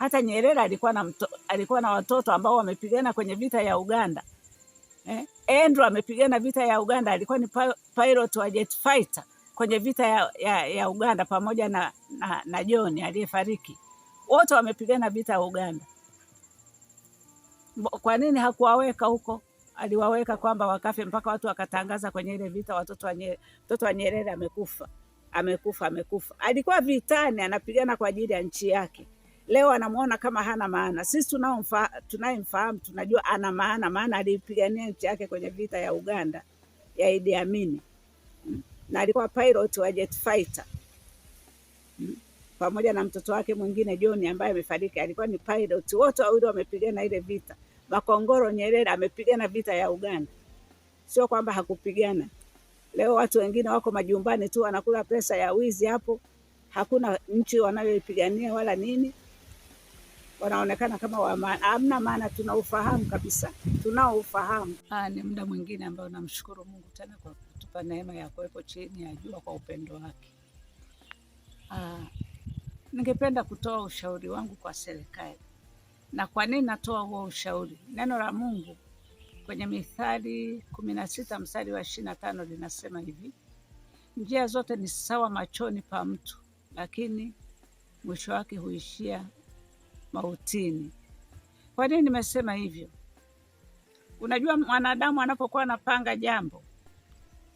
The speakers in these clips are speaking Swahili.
Hata Nyerere alikuwa na, mto, alikuwa na watoto ambao wamepigana kwenye vita ya Uganda eh? Andrew amepigana vita ya Uganda, alikuwa ni pilot wa jet fighter kwenye vita ya, ya, ya Uganda pamoja na, na, na John aliyefariki. Wote wamepigana vita ya Uganda. Kwa nini hakuwaweka huko? Aliwaweka kwamba wakafe, mpaka watu wakatangaza kwenye ile vita watoto wa Nyerere, mtoto wa Nyerere amekufa, amekufa, amekufa. Alikuwa vitani, anapigana kwa ajili ya nchi yake leo anamwona kama hana maana. Sisi tunayemfahamu tunajua ana maana, maana alipigania nchi yake kwenye vita ya Uganda ya Idi Amin, na alikuwa pilot wa jet fighter pamoja na mtoto wake mwingine John ambaye amefariki, alikuwa ni pilot. Wote wawili wamepigana ile vita. Makongoro Nyerere amepigana vita ya Uganda, sio kwamba hakupigana. Leo watu wengine wako majumbani tu wanakula pesa ya wizi hapo, hakuna nchi wanayoipigania wala nini wanaonekana kama hamna amna maana, tunaufahamu kabisa, tunaoufahamu. Ah, ni muda mwingine ambao namshukuru Mungu tena kwa kutupa neema ya kuwepo chini ya jua kwa upendo wake. Ah, ningependa kutoa ushauri wangu kwa serikali. Na kwa nini natoa huo ushauri? Neno la Mungu kwenye Mithali kumi na sita mstari wa ishirini na tano linasema hivi, njia zote ni sawa machoni pa mtu, lakini mwisho wake huishia mautini. Kwa nini nimesema hivyo? Unajua, mwanadamu anapokuwa anapanga jambo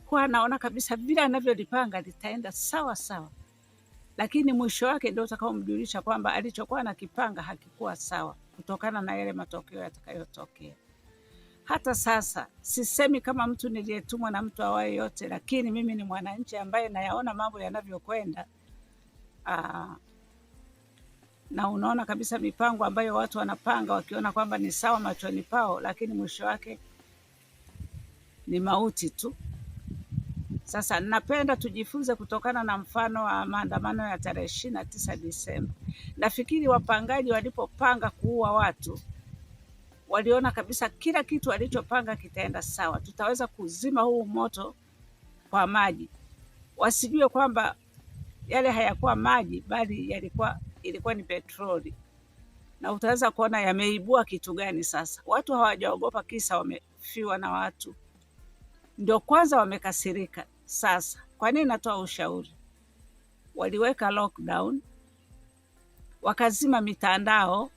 huwa anaona kabisa vile anavyolipanga litaenda sawa sawa, lakini mwisho wake ndio utakaomjulisha kwamba alichokuwa anakipanga hakikuwa sawa, kutokana na yale matokeo yatakayotokea. Hata sasa sisemi kama mtu niliyetumwa na mtu awaye yote, lakini mimi ni mwananchi ambaye nayaona mambo yanavyokwenda. Ah, na unaona kabisa mipango ambayo watu wanapanga wakiona kwamba ni sawa machoni pao, lakini mwisho wake ni mauti tu. Sasa napenda tujifunze kutokana na mfano wa maandamano ya tarehe ishirini na tisa Disemba. Nafikiri wapangaji walipopanga kuua watu waliona kabisa kila kitu walichopanga kitaenda sawa, tutaweza kuzima huu moto kwa maji. Wasijue kwamba yale hayakuwa maji, bali yalikuwa ilikuwa ni petroli, na utaweza kuona yameibua kitu gani. Sasa watu hawajaogopa kisa wamefiwa na watu, ndio kwanza wamekasirika. Sasa kwa nini natoa ushauri? Waliweka lockdown, wakazima mitandao,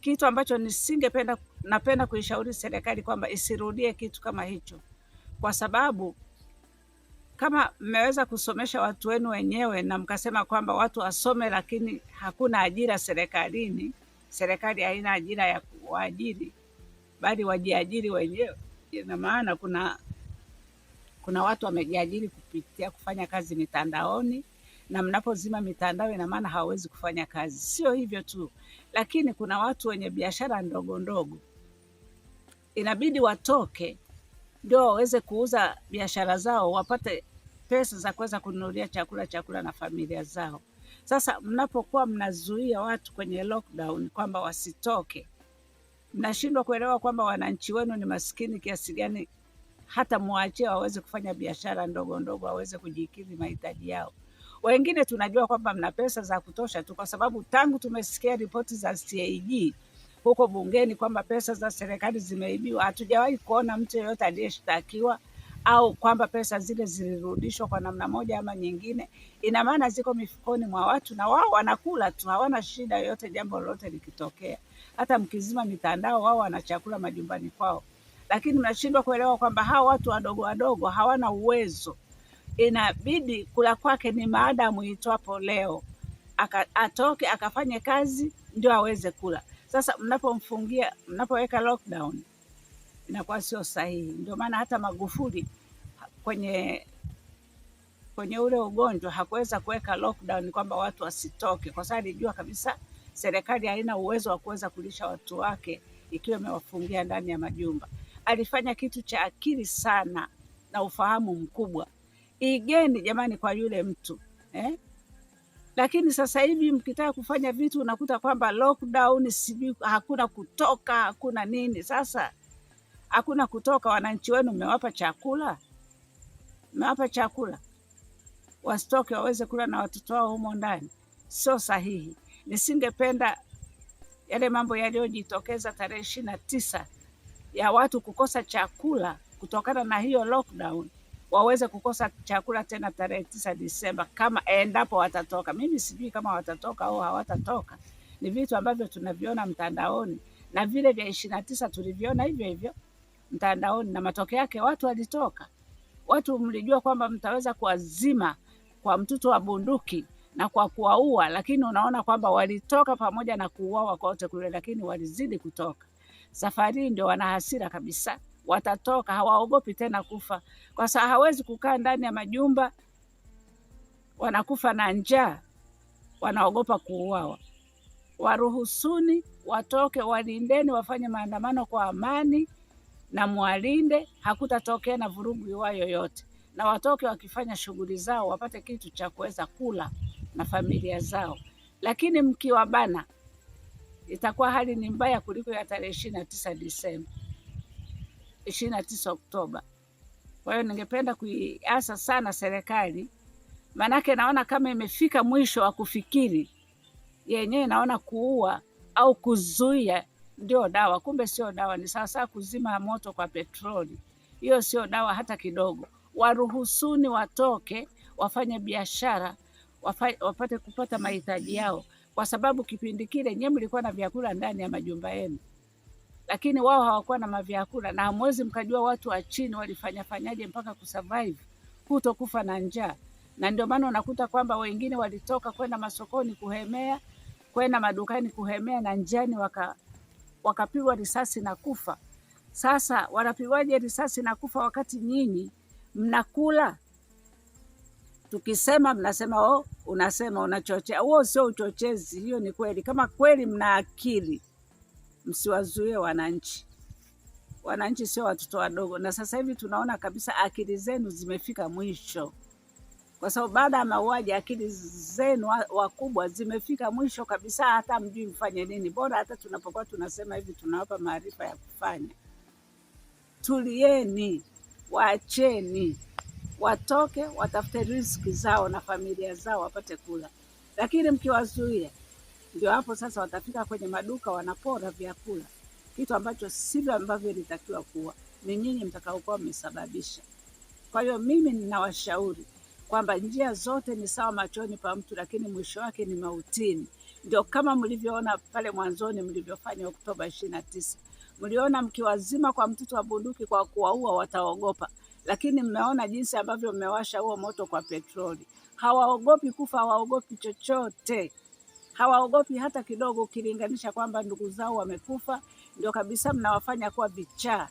kitu ambacho nisingependa, napenda kuishauri serikali kwamba isirudie kitu kama hicho, kwa sababu kama mmeweza kusomesha watu wenu wenyewe na mkasema kwamba watu wasome, lakini hakuna ajira serikalini, serikali haina ajira ya kuwaajiri, bali wajiajiri wenyewe. Ina maana kuna kuna watu wamejiajiri kupitia kufanya kazi mitandaoni, na mnapozima mitandao, ina maana hawawezi kufanya kazi. Sio hivyo tu, lakini kuna watu wenye biashara ndogo ndogo inabidi watoke ndio waweze kuuza biashara zao, wapate pesa za kuweza kununulia chakula chakula na familia zao. Sasa mnapokuwa mnazuia watu kwenye lockdown kwamba wasitoke, mnashindwa kuelewa kwamba wananchi wenu ni masikini kiasi gani, hata mwachie waweze kufanya biashara ndogo ndogo, waweze kujikidhi mahitaji yao. Wengine tunajua kwamba mna pesa za kutosha tu, kwa sababu tangu tumesikia ripoti za CAG huko bungeni kwamba pesa za serikali zimeibiwa. Hatujawahi kuona mtu yeyote aliyeshtakiwa au kwamba pesa zile zilirudishwa kwa namna moja ama nyingine. Ina maana ziko mifukoni mwa watu na wao wanakula tu, hawana shida yoyote. Jambo lolote likitokea, hata mkizima mitandao, wao wana chakula majumbani kwao, lakini mnashindwa kuelewa kwamba hawa watu wadogo wadogo hawana uwezo. Inabidi kula kwake ni maadamu itwapo leo, aka, atoke akafanye kazi ndio aweze kula. Sasa mnapomfungia, mnapoweka lockdown inakuwa sio sahihi. Ndio maana hata Magufuli kwenye kwenye ule ugonjwa hakuweza kuweka lockdown kwamba watu wasitoke, kwa sababu alijua kabisa serikali haina uwezo wa kuweza kulisha watu wake ikiwa imewafungia ndani ya majumba. Alifanya kitu cha akili sana na ufahamu mkubwa. Igeni jamani kwa yule mtu eh? lakini sasa hivi mkitaka kufanya vitu unakuta kwamba lockdown, sijui hakuna kutoka, hakuna nini. Sasa hakuna kutoka, wananchi wenu mmewapa chakula, mmewapa chakula wasitoke waweze kula na watoto wao humo ndani, sio sahihi. Nisingependa yale mambo yaliyojitokeza tarehe ishirini na tisa ya watu kukosa chakula kutokana na hiyo lockdown waweze kukosa chakula tena tarehe tisa Disemba, kama endapo watatoka. Mimi sijui kama watatoka au hawatatoka, ni vitu ambavyo tunaviona mtandaoni na vile vya ishirini na tisa tuliviona hivyo hivyo mtandaoni, na matokeo yake watu walitoka. Watu mlijua kwamba mtaweza kuwazima kwa mtuto wa bunduki na kwa kuwaua, lakini unaona kwamba walitoka pamoja na kuuawa kote kule, lakini walizidi kutoka. Safari hii ndio wana hasira kabisa watatoka, hawaogopi tena kufa, kwa sababu hawezi kukaa ndani ya majumba, wanakufa na njaa, wanaogopa kuuawa. Waruhusuni watoke, walindeni, wafanye maandamano kwa amani na mwalinde, hakutatokea na vurugu iwa yoyote, na watoke wakifanya shughuli zao, wapate kitu cha kuweza kula na familia zao. Lakini mkiwa bana itakuwa hali ni mbaya kuliko ya tarehe ishirini na tisa Disemba ishirini na tisa Oktoba. Kwa hiyo ningependa kuiasa sana serikali, maanake naona kama imefika mwisho wa kufikiri yenyewe. Naona kuua au kuzuia ndio dawa, kumbe sio dawa, ni sawasawa kuzima moto kwa petroli. Hiyo sio dawa hata kidogo. Waruhusuni watoke wafanye biashara, wapate kupata mahitaji yao, kwa sababu kipindi kile nyewe mlikuwa na vyakula ndani ya majumba yenu lakini wao hawakuwa na mavyakula, na hamwezi mkajua watu wa chini walifanyafanyaje mpaka kusurvive kufa na njaa. Na ndio maana unakuta kwamba wengine walitoka kwenda masokoni kuhemea, kwenda madukani kuhemea, na njiani waka wakapigwa risasi na kufa. Sasa wanapigwaje risasi na kufa wakati nyinyi mnakula? Tukisema mnasema oh, unasema unachochea. Huo sio uchochezi, hiyo ni kweli. Kama kweli mna akili msiwazuie wananchi. Wananchi sio watoto wadogo, na sasa hivi tunaona kabisa akili zenu zimefika mwisho, kwa sababu baada ya mauaji akili zenu wakubwa zimefika mwisho kabisa, hata mjui mfanye nini. Bora hata tunapokuwa tunasema hivi tunawapa maarifa ya kufanya. Tulieni, waacheni watoke, watafute riziki zao na familia zao wapate kula, lakini mkiwazuia ndio hapo sasa watafika kwenye maduka wanapora vyakula, kitu ambacho sivyo ambavyo ilitakiwa kuwa. Ni nyinyi mtakaokuwa mmesababisha. Kwa hiyo mimi ninawashauri kwamba njia zote ni sawa machoni pa mtu, lakini mwisho wake ni mautini. Ndio kama mlivyoona pale mwanzoni mlivyofanya Oktoba ishirini na tisa, mliona mkiwazima kwa mtutu wa bunduki kwa kuwaua wataogopa, lakini mmeona jinsi ambavyo mmewasha huo moto kwa petroli. Hawaogopi kufa, hawaogopi chochote hawaogopi hata kidogo, ukilinganisha kwamba ndugu zao wamekufa. Ndio kabisa mnawafanya kuwa vichaa.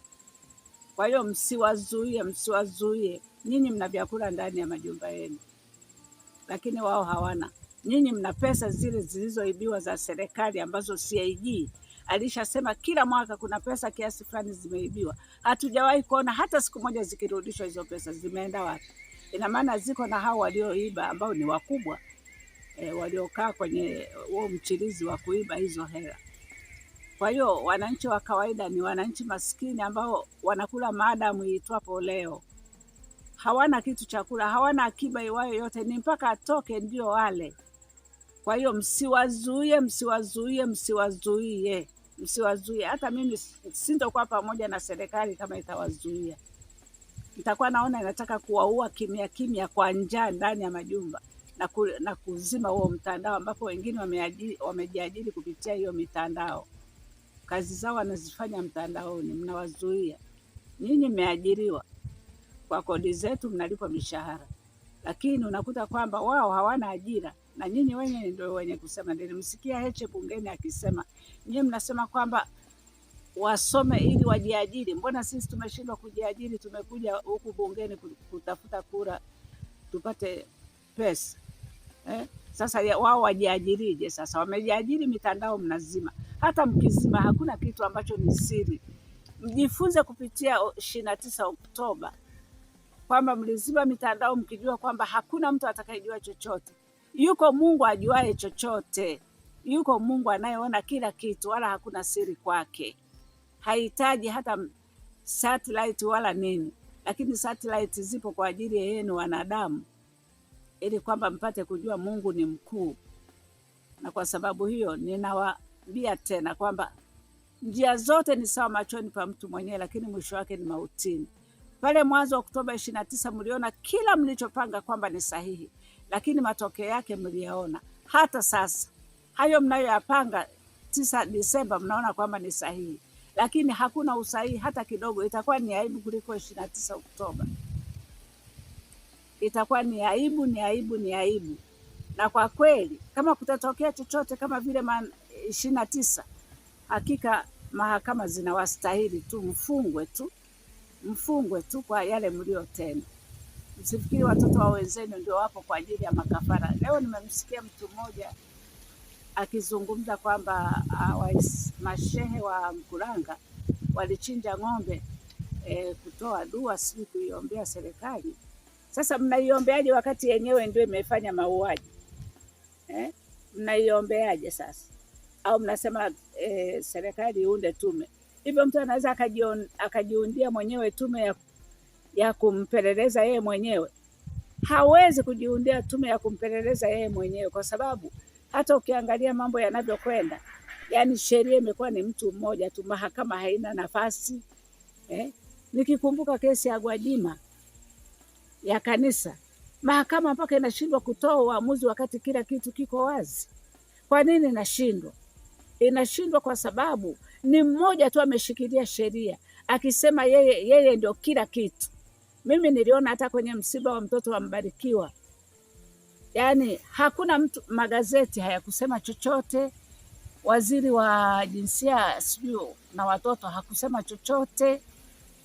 Kwa hiyo msiwazuie, msiwazuie. Nyinyi mna vyakula ndani ya majumba yenu, lakini wao hawana. Nyinyi mna pesa zile zilizoibiwa za serikali ambazo CAG alishasema kila mwaka kuna pesa kiasi fulani zimeibiwa. Hatujawahi kuona hata siku moja zikirudishwa. Hizo pesa zimeenda wapi? Ina maana ziko na hao walioiba ambao ni wakubwa eh, waliokaa kwenye eh, huo mchirizi wa kuiba hizo hela. Kwa hiyo wananchi wa kawaida ni wananchi maskini ambao wanakula maadamu iitwapo leo, hawana kitu cha kula, hawana akiba iwayo yote, ni mpaka atoke ndio wale. Kwa hiyo msiwazuie, msiwazuie, msiwazuie, msiwazuie. Hata mimi sintokuwa pamoja na serikali kama itawazuia, nitakuwa naona inataka kuwaua kimya kimya kwa njaa ndani ya majumba na, ku, na kuzima huo mtandao, ambapo wengine wamejiajiri kupitia hiyo mitandao. Kazi zao wanazifanya mtandaoni, mnawazuia. Nyinyi mmeajiriwa kwa kodi zetu, mnalipwa mishahara, lakini unakuta kwamba wao hawana ajira na nyinyi wenye ndio wenye kusema. Nilimsikia Heche bungeni akisema, nyinyi mnasema kwamba wasome ili wajiajiri. Mbona sisi tumeshindwa kujiajiri? Tumekuja huku bungeni kutafuta kura tupate pesa eh? Sasa wao wajiajirije? Sasa wamejiajiri, mitandao mnazima. Hata mkizima hakuna kitu ambacho ni siri. Mjifunze kupitia ishirini na tisa Oktoba kwamba mlizima mitandao mkijua kwamba hakuna mtu atakayejua chochote. Yuko Mungu ajuaye chochote, yuko Mungu anayeona kila kitu, wala hakuna siri kwake. Hahitaji hata satellite wala nini, lakini satellite zipo kwa ajili yenu wanadamu ili kwamba mpate kujua Mungu ni mkuu. Na kwa sababu hiyo ninawaambia tena kwamba njia zote ni sawa machoni pa mtu mwenyewe, lakini mwisho wake ni mautini. Pale mwanzo wa Oktoba ishirini na tisa mliona kila mlichopanga kwamba ni sahihi, lakini matokeo yake mliyaona. Hata sasa hayo mnayoyapanga tisa Disemba mnaona kwamba ni sahihi, lakini hakuna usahihi hata kidogo. Itakuwa ni aibu kuliko ishirini na tisa Oktoba itakuwa ni aibu, ni aibu, ni aibu. Na kwa kweli kama kutatokea chochote kama vile ishirini na tisa, hakika mahakama zinawastahili tu, mfungwe tu, mfungwe tu kwa yale mliotenda. Msifikiri watoto wa wenzenu ndio wapo kwa ajili ya makafara. Leo nimemsikia mtu mmoja akizungumza kwamba ah, mashehe wa Mkuranga walichinja ng'ombe e, kutoa dua, sijui kuiombea serikali sasa mnaiombeaje wakati yenyewe ndio imefanya mauaji eh? Mnaiombeaje sasa? Au mnasema eh, serikali iunde tume? Hivyo mtu anaweza akajiundia mwenyewe tume ya, ya kumpeleleza yeye mwenyewe. Hawezi kujiundia tume ya kumpeleleza yeye mwenyewe, kwa sababu hata ukiangalia mambo yanavyokwenda, yani sheria imekuwa ni mtu mmoja tu, mahakama haina nafasi eh? Nikikumbuka kesi ya Gwajima ya kanisa, mahakama mpaka inashindwa kutoa uamuzi wakati kila kitu kiko wazi. Kwa nini inashindwa? Inashindwa kwa sababu ni mmoja tu ameshikilia sheria akisema yeye, yeye ndio kila kitu. Mimi niliona hata kwenye msiba wa mtoto wa Mbarikiwa, yaani hakuna mtu, magazeti hayakusema chochote, waziri wa jinsia sijui na watoto hakusema chochote,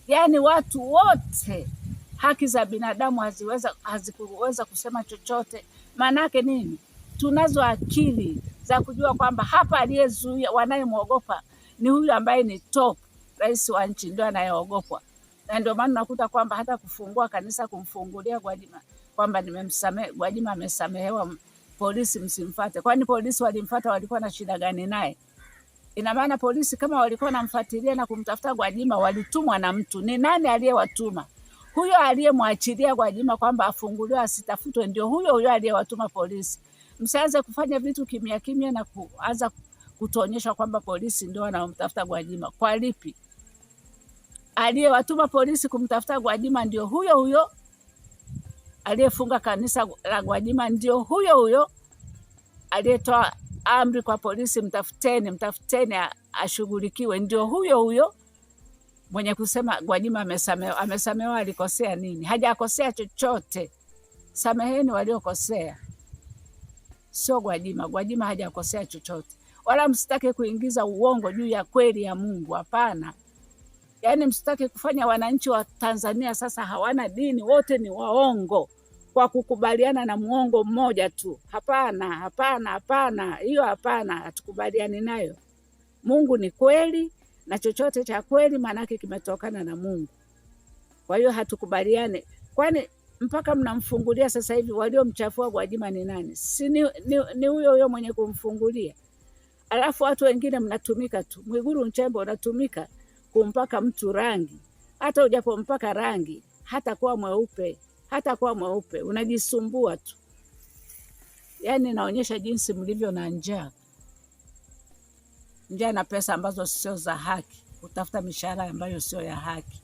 yaani watu wote haki za binadamu haziweza hazikuweza kusema chochote. Maanake nini? Tunazo akili za kujua kwamba hapa aliyezuia, wanayemwogopa ni huyu ambaye ni top rais wa nchi, ndio anayeogopwa, na ndio maana unakuta kwamba hata kufungua kanisa, kumfungulia Gwajima kwamba nimemsamehe Gwajima, amesamehewa, polisi msimfate. Kwani polisi walimfata, walikuwa na shida gani naye? Ina maana polisi kama walikuwa wanamfuatilia na kumtafuta Gwajima, walitumwa na mtu. Ni nani aliyewatuma? huyo aliyemwachilia Gwajima kwamba afunguliwe asitafutwe ndio huyo huyo aliyewatuma polisi. Msianze kufanya vitu kimya kimya na kuanza kutuonyesha kwamba polisi ndio wanaomtafuta Gwajima. Kwa lipi? Aliyewatuma polisi kumtafuta Gwajima ndio huyo huyo aliyefunga kanisa la Gwajima, ndio huyo huyo aliyetoa amri kwa polisi, mtafuteni, mtafuteni ashughulikiwe, ndio huyo huyo mwenye kusema Gwajima amesamehewa, amesamewa alikosea nini? Hajakosea chochote. Sameheni waliokosea, sio Gwajima. Gwajima hajakosea chochote, wala msitake kuingiza uongo juu ya kweli ya Mungu. Hapana, yaani msitake kufanya wananchi wa Tanzania sasa hawana dini, wote ni waongo kwa kukubaliana na muongo mmoja tu. Hapana, hapana, hapana, hiyo hapana, hatukubaliani nayo. Mungu ni kweli na chochote cha kweli maanake kimetokana na Mungu. Kwa hiyo hatukubaliane, kwani mpaka mnamfungulia sasa hivi waliomchafua Gwajima ni nani? Si ni huyo huyo mwenye kumfungulia. Alafu watu wengine mnatumika tu. Mwiguru Nchemba unatumika kumpaka mtu rangi, hata ujapompaka rangi hata kuwa mweupe, hata kuwa mweupe, unajisumbua tu. Yaani naonyesha jinsi mlivyo na njaa njia na pesa ambazo sio za haki, kutafuta mishahara ambayo sio ya haki,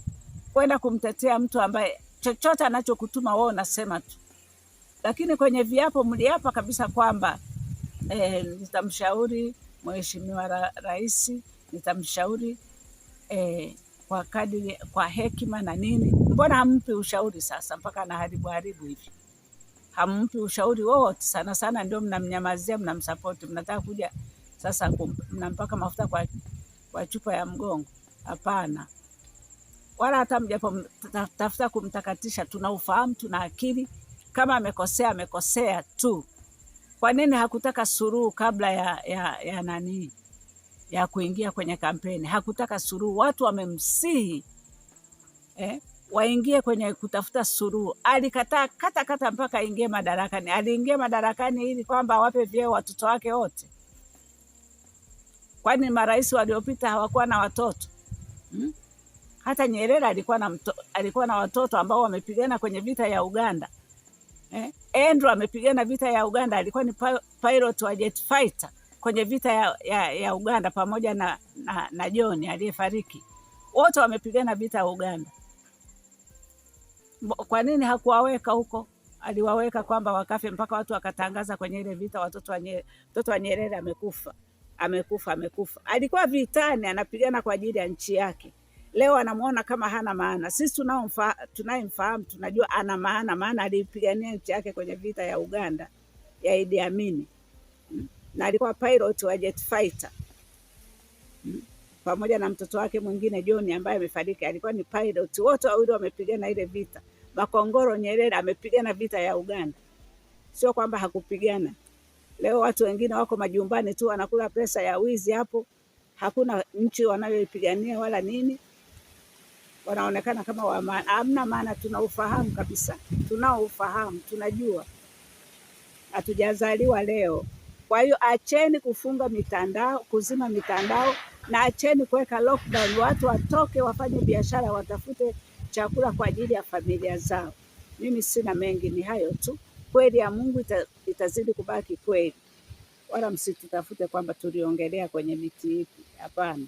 kwenda kumtetea mtu ambaye chochote anachokutuma wewe unasema tu, lakini kwenye viapo mliapa kabisa kwamba e, nitamshauri mheshimiwa ra, rais nitamshauri e, kwa kadiri, kwa hekima na nini. Mbona hampi ushauri sasa mpaka anaharibu haribu hivi? Hampi ushauri wote sana sana ndio mnamnyamazia, mnamsapoti, mnataka kuja sasa mnampaka mafuta kwa, kwa chupa ya mgongo? Hapana, wala hata mjapotafuta kumtakatisha. Tuna ufahamu, tuna akili. Kama amekosea amekosea tu. Kwa nini hakutaka suruhu kabla ya, ya, ya nani ya kuingia kwenye kampeni? Hakutaka suruhu, watu wamemsihi eh, waingie kwenye kutafuta suruhu. Alikataa kata kata mpaka aingie madarakani. Aliingia madarakani ili kwamba awape vyeo watoto wake wote. Kwani marais waliopita hawakuwa na watoto hmm? Hata Nyerere alikuwa na, mto, alikuwa na watoto ambao wamepigana kwenye vita ya Uganda eh? Andrew amepigana vita ya Uganda, alikuwa ni pilot wa jet fighter kwenye vita ya, ya, ya Uganda pamoja na, na, na John aliyefariki, wote wamepigana vita ya Uganda. Kwa nini hakuwaweka huko? Aliwaweka kwamba wakafe mpaka watu wakatangaza kwenye ile vita, watoto wa Nyerere amekufa amekufa, amekufa. Alikuwa vitani, anapigana kwa ajili ya nchi yake. Leo anamwona kama hana maana. Sisi tunayemfahamu tunajua ana maana, maana alipigania nchi yake kwenye vita ya Uganda ya Idi Amini mm. na alikuwa pilot wa jet fighter mm. pamoja na mtoto wake mwingine John ambaye amefariki, alikuwa ni pilot. Wote wawili wamepigana ile vita. Makongoro Nyerere amepigana vita ya Uganda, sio kwamba hakupigana. Leo watu wengine wako majumbani tu wanakula pesa ya wizi hapo, hakuna nchi wanayoipigania wala nini, wanaonekana kama wama, hamna maana. Tunaufahamu kabisa, tunaoufahamu tunajua, hatujazaliwa leo. Kwa hiyo acheni kufunga mitandao, kuzima mitandao na acheni kuweka lockdown. Watu watoke wafanye biashara, watafute chakula kwa ajili ya familia zao. Mimi sina mengi, ni hayo tu kweli ya Mungu ita, itazidi kubaki kweli, wala msitutafute kwamba tuliongelea kwenye miti ipi. Hapana.